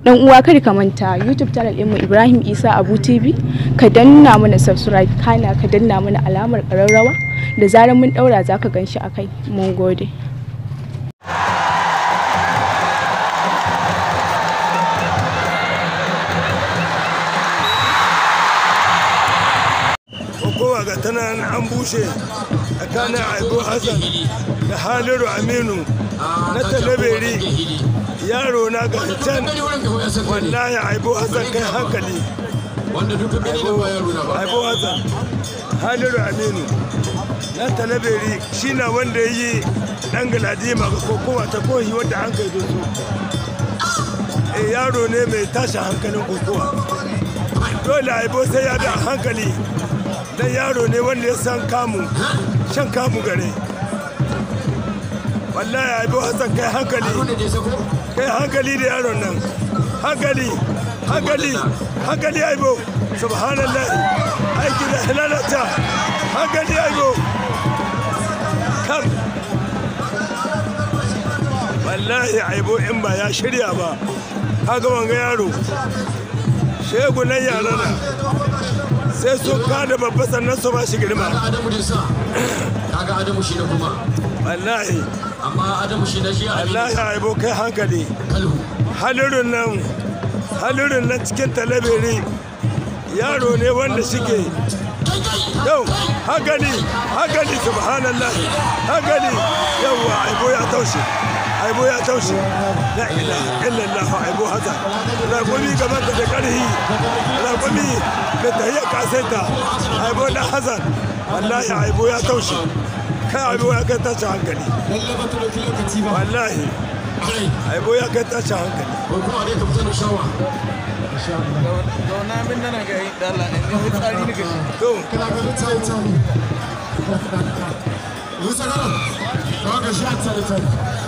dan uwa kada ka manta youtube channel mu ibrahim isa abu tv ka danna mana subscribe kana ka danna mana alamar kararrawa da zarar mun daura za ka ganshi akai mun gode ga tana an bushe tsakanin aibu hassan da haliru aminu na yaro na ga can wallahi aibo hasan kai hankali wanda duka ne da yaro na ba aibo hasan haliru aminu na talaberi shi na wanda ya yi dan galadima ga kokowa ta kohi wanda an kai eh yaro ne mai tashin hankalin kokowa dole aibo sai ya da hankali dan yaro ne wanda ya san kamu shan kamu gare wallahi abu hassan kai hankali kai hankali da yaron nan hankali hankali hankali aibo subhanallah aiki da halalata hankali aibo wallahi aibo in ba ya shirya ba haka wanga yaro shegunan yarana sai sun kada babba sannan su ba shi girma adamu shi na kuma wallahi amma adamu shi na shi a wallahi aibo kai hankali halirin nan halirin nan cikin talabiri yaro ne wanda suke yau hankali hankali subhanallah hankali yawa aibo ya taushe aibo ya taushe la ilaha illallah aibo haka ragomi gaban da karhi ragomi da ya kaseta aibo na hazan wallahi aibo ya taushe kai abu ya kai tashi hankali wallahi abu ya kai tashi hankali ko kuma dai ka fita da shawa zauna min nan ga yi dala ne tsari ne to kana ga tsari tsari Lusa kana ka ga shi tsari tsari